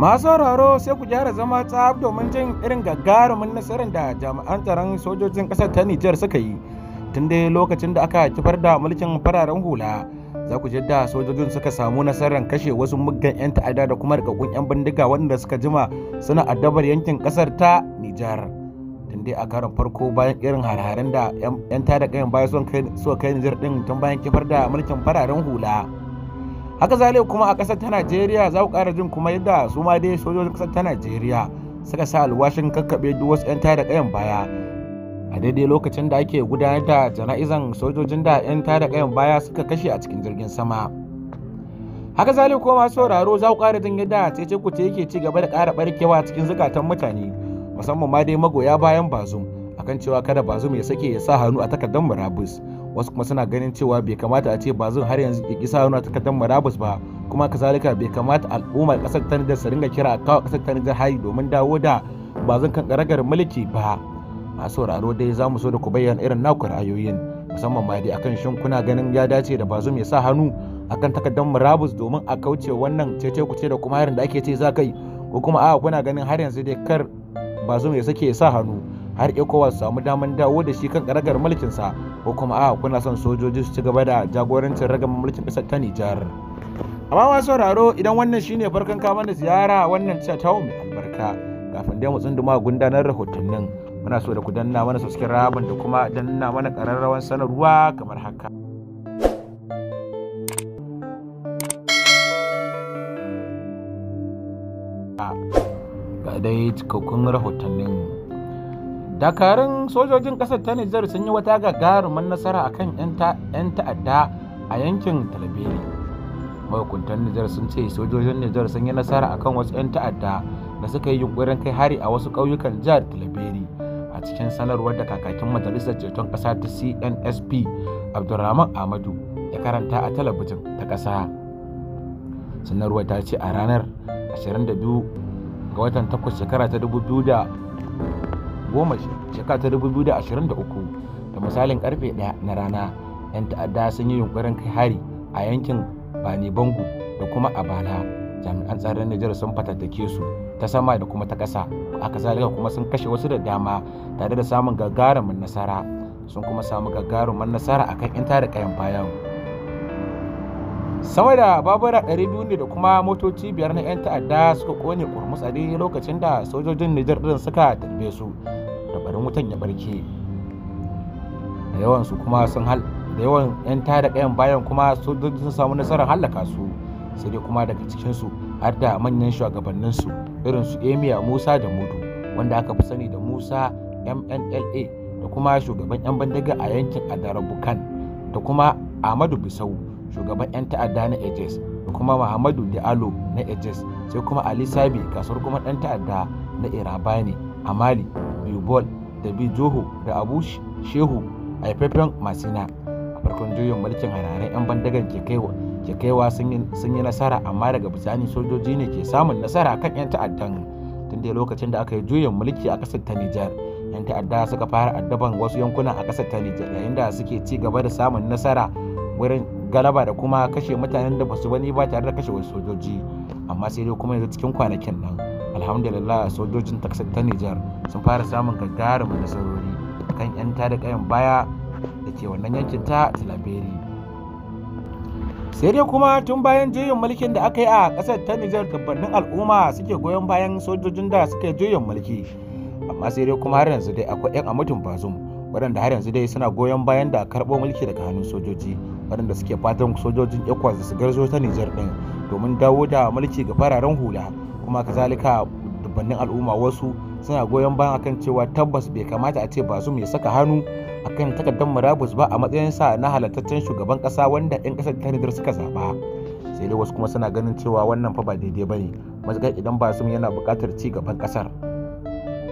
masu sauraro sai ku gyara zama tsab domin jin irin gagarumin nasarar da jami'an tsaron sojojin kasar ta Nijar suka yi tun dai lokacin da aka kifar da mulkin fararen hula za ku da sojojin suka samu nasarar kashe wasu muggan 'yan ta'ada da kuma rikakkun 'yan bindiga wanda suka jima suna addabar yankin kasar ta Nijar. tun dai a karon farko bayan irin harharen da 'yan tada kayan baya suka kai Nijar din tun bayan kifar da mulkin fararen hula. haka zalai kuma a ƙasar ta najeriya za ku ƙara jin kuma yadda su ma dai sojojin ƙasar ta najeriya suka sa alwashin kakkaɓe duk wasu 'yan tada ƙayan baya a daidai lokacin da ake gudanar da jana'izan sojojin da 'yan tada ƙayan baya suka kashe a cikin jirgin sama haka zalai kuma masu sauraro za ku ƙara jin yadda ce ku ce yake ci gaba da ƙara barkewa cikin zukatan mutane musamman ma dai magoya bayan bazum akan cewa kada bazum ya sake ya sa hannu a takardar murabus wasu kuma suna ganin cewa bai kamata a ce ba zan har yanzu ya kisa yana takardar marabus ba kuma kazalika bai kamata al'ummar kasar ta Nijar su ringa kira kawo kasar ta Nijar hari domin dawo da ba zan kan karagar mulki ba masu sauraro dai za mu so da ku bayyana irin naku ra'ayoyin musamman ma dai akan shin kuna ganin ya dace da bazum ya sa hannu akan takardar murabus domin a kauce wannan cece kuce da kuma harin da ake ce za kai ko kuma a kuna ganin har yanzu dai kar bazum ya sake ya sa hannu har ECOWAS samu daman dawo da shi kan karagar mulkinsa ko kuma a kuna son sojoji su ci gaba da jagorancin ragamar mulkin ƙasar ta Nijar. Amma masu sauraro idan wannan shine farkon kama da ziyara wannan ta tawo mai albarka kafin dai mu tsunduma gundanar rahotannin muna so da ku danna mana subscribe da kuma danna mana ƙararrawan sanarwa kamar haka. ga dai cikakkun rahotannin dakarun sojojin ƙasar ta nijar sun yi wata gagarumar nasara akan 'yan ta'adda a yankin talabini mahukuntan nijar sun ce sojojin nijar sun yi nasara akan wasu 'yan ta'adda da suka yi yunkurin kai hari a wasu ƙauyukan jihar talabiri a cikin sanarwar da kakakin majalisar ceton ƙasa ta cnsp abdulrahman ahmadu ya karanta a talabijin ta ƙasa sanarwar ta ce a ranar 22 ga watan 8 shekara ta 2000 goma shekara ta 2023 da misalin karfe 1 na rana 'yan ta'adda sun yi yunkurin kai hari a yankin bani bango da kuma a bala jami'an tsaron nijar sun fatattake su ta sama da kuma ta ƙasa aka zalika kuma sun kashe wasu da dama tare da samun gagarumin nasara sun kuma samu gagarumin nasara akan 'yan tare kayan bayan sama da babura 200 da kuma motoci biyar na 'yan ta'adda suka kone kurmus a lokacin da sojojin nijar din suka tarbe su da barin wutan ya barke da yawan su kuma sun hal da yawan 'yan tada kayan bayan kuma sojojin sun samu nasarar hallaka su sai dai kuma daga cikin su har da manyan shugabannin su irin su emiya musa da mudu wanda aka fi sani da musa mnla da kuma shugaban 'yan bandaga a yankin adarabukan da kuma ahmadu bisau shugaban 'yan ta'adda na ejes da kuma muhammadu diallo na ejes sai kuma ali sabi kasuwar kuma dan ta'adda na irabani a mali bibol da bijoho da abu shehu a haifafen masina a farkon juyin mulkin hararen 'yan bandagan ke kaiwa sun yi nasara amma daga bisani sojoji ne ke samun nasara kan 'yan ta'addan tun da lokacin da aka yi juyin mulki a ƙasar ta nijar 'yan ta'adda suka fara addaban wasu yankuna a kasar ta nijar yayin da suke ci gaba da samun nasara wurin galaba da kuma kashe mutanen da basu wani ba tare da kashe wasu sojoji amma sai dai kuma yanzu cikin kwanakin nan alhamdulillah sojojin taksar ta Nijar sun fara samun gagarumin nasarori kan 'yan tada kayan baya da ke wannan yankin ta Tilaberi sai dai kuma tun bayan juyin mulkin da aka yi a kasar ta Nijar gabanin al'umma suke goyon bayan sojojin da suka yi juyin mulki amma sai dai kuma har yanzu dai akwai 'yan amutun bazum waɗanda har yanzu dai suna goyon bayan da karɓo mulki daga hannun sojoji waɗanda suke fatan sojojin ecowas su garzo ta nijar ɗin domin dawo da mulki ga fararen hula kuma kazalika dubbannin al'umma wasu suna goyon bayan akan cewa tabbas bai kamata a ce ba su mai saka hannu akan takardar murabus ba a matsayinsa na halartaccen shugaban kasa wanda 'yan kasar ta nijar suka zaba sai dai wasu kuma suna ganin cewa wannan fa ba daidai ba ne matuƙar idan su yana buƙatar ci gaban kasar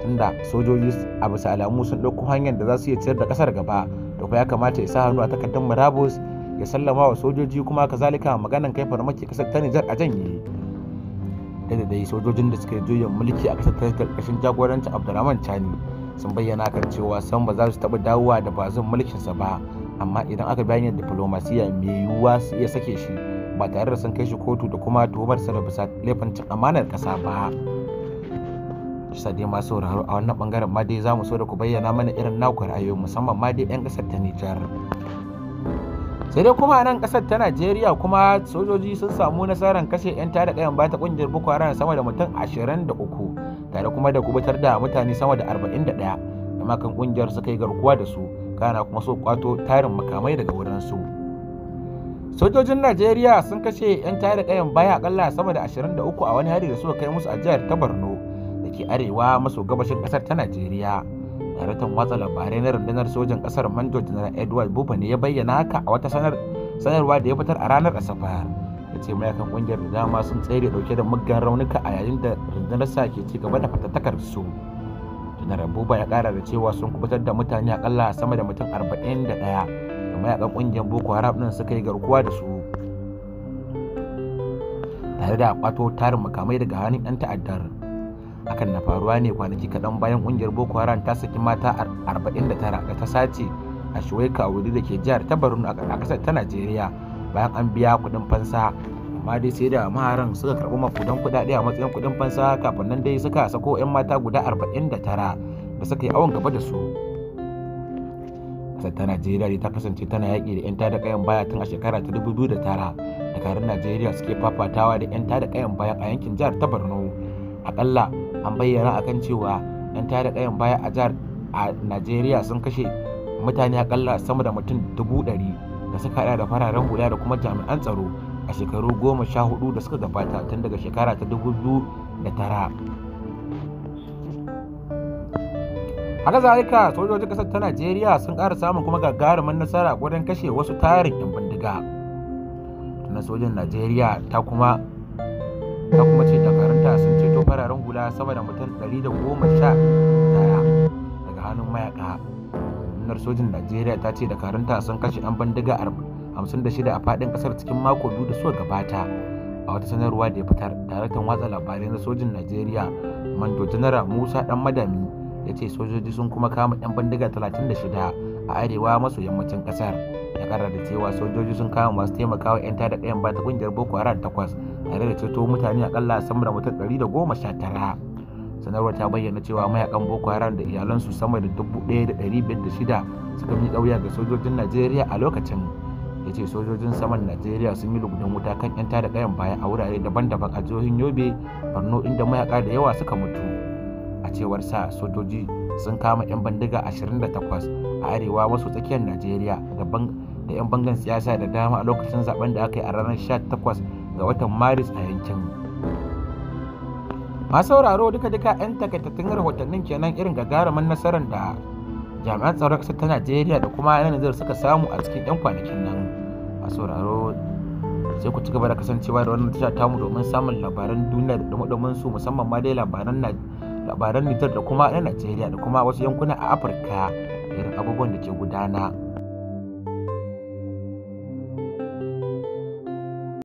tunda sojoji a bisa alamu sun ɗauko hanyar da za su iya ciyar da kasar gaba da kuma ya kamata ya sa hannu a takardar murabus ya sallama wa sojoji kuma kazalika maganan kai farmaki kasar ta Nijar a janye da dai sojojin da suka juyin mulki a kasar ta karkashin jagorancin Abdulrahman Chani sun bayyana kan cewa san ba za su taɓa dawowa da bazin sa ba amma idan aka bayyana diplomasiya mai yiwuwa su iya sake shi ba tare da sun kai shi kotu da kuma tuhumar sa da bisa laifin cin amanar kasa ba shi dai masu sauraro a wannan bangaren ma dai za mu so da ku bayyana mana irin naku ra'ayoyi musamman ma dai 'yan kasar ta Nijar. sai dai kuma a nan kasar ta najeriya kuma sojoji sun samu nasarar kashe 'yan tada kayan bata kungiyar boko haram sama da mutum 23 tare kuma da kubutar da mutane sama da 41 da makan kungiyar suka yi garkuwa da su kana kuma so kwato tarin makamai daga wurin sojojin najeriya sun kashe 'yan tada kayan baya kalla sama da 23 a wani hari da suka kai musu a jihar ta borno da ke arewa maso gabashin kasar ta najeriya daraktan watsa labarai na rundunar sojan kasar manjo janar edward buba ne ya bayyana haka a wata sanarwa da ya fitar a ranar asabar ya ce mayakan kungiyar da dama sun tsere dauke da muggan raunuka a yayin da rundunar sa ke cigaba da fatattakar su janar buba ya kara da cewa sun kubutar da mutane akalla sama da mutum 41 da mayakan kungiyar boko haram din suka yi garkuwa da su tare da kwato tarin makamai daga hannun 'yan ta'addar akan na faruwa ne kwanaki kaɗan bayan ƙungiyar boko haram ta saki mata 49 da ta sace a shuwaika wuri da ke jihar ta borno a ƙasar ta najeriya bayan an biya kuɗin fansa amma dai sai da maharan suka karɓi mafudan kuɗaɗe a matsayin kuɗin fansa kafin nan dai suka sako 'yan mata guda 49 da suka yi awon gaba da su kasar ta najeriya dai ta kasance tana yaƙi da 'yan tada kayan baya tun a shekara ta 2009 dakarun najeriya suke fafatawa da 'yan tada kayan baya a yankin jihar ta borno akalla an bayyana akan cewa 'yan tada kayan baya a jihar a najeriya sun kashe mutane akalla sama da mutum dubu ɗari da suka haɗa da fararen hula da kuma jami'an tsaro a shekaru goma sha hudu da suka gabata tun daga shekara ta dubu biyu da tara haka zalika sojojin kasar ta najeriya sun ƙara samun kuma gagarumin nasara wajen kashe wasu tarin yan bindiga na sojin najeriya ta kuma ta kuma ce ta bindiga sun ceto fararen hula sama da mutum 111 daga hannun mayaka rundunar sojin najeriya ta ce dakarunta sun kashe 'yan bindiga 56 a faɗin kasar cikin mako biyu da suka gabata a wata sanarwa da ya fitar daraktan watsa labarai na sojin najeriya mando janara musa dan madami ya ce sojoji sun kuma kama 'yan bindiga 36 a arewa maso yammacin ƙasar ya kara da cewa sojoji sun kama masu taimakawa 'yan tada ɗayan ba ta kungiyar boko haram takwas tare da ceto mutane akalla sama da mutum tara sanarwar ta bayyana cewa mayakan boko haram da iyalansu sama da dubu da da biyar shida suka yi ɗauya ga sojojin najeriya a lokacin ya ce sojojin saman najeriya sun yi lugudan wuta kan 'yan tada ɗayan baya a wurare daban-daban a jihohin yobe barno inda mayaka da yawa suka mutu a cewar sa sojoji sun kama 'yan bandiga 28 a arewa maso tsakiyar najeriya da 'yan bangan siyasa da dama a lokacin zaben da aka yi a ranar 18 ga watan maris a yankin masu sauraro duka duka 'yan takaitattun rahotannin kenan irin gagarumin nasarar da jami'an tsaron ƙasar ta najeriya da kuma yan nijar suka samu a cikin 'yan kwanakin nan masu sauraro sai ku ci gaba da kasancewa da wannan tasha tamu domin samun labaran duniya da domin su musamman ma dai labaran nijar da kuma na najeriya da kuma wasu yankuna a afirka ire-iren abubuwan da ke gudana